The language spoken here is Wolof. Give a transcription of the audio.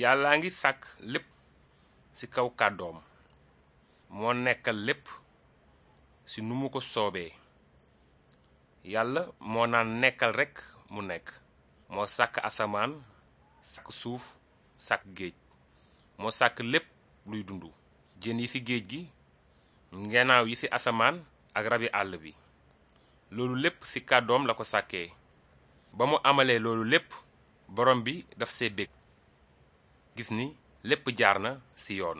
yàllaa ngi sàkk lépp ci kaw kàddoom moo nekkal lépp ci nu mu ko soobee yàlla moo naan nekkal rekk mu nekk moo sàkk asamaan sàkk suuf sàkk géej moo sàkk lépp luy dund jën yi ci géej gi ngennaaw yi ci asamaan ak rabi àll bi loolu lépp ci kàddoom la ko sàkkee ba mu amalee loolu lépp borom bi daf see bég gis ni lépp jaar na si yoon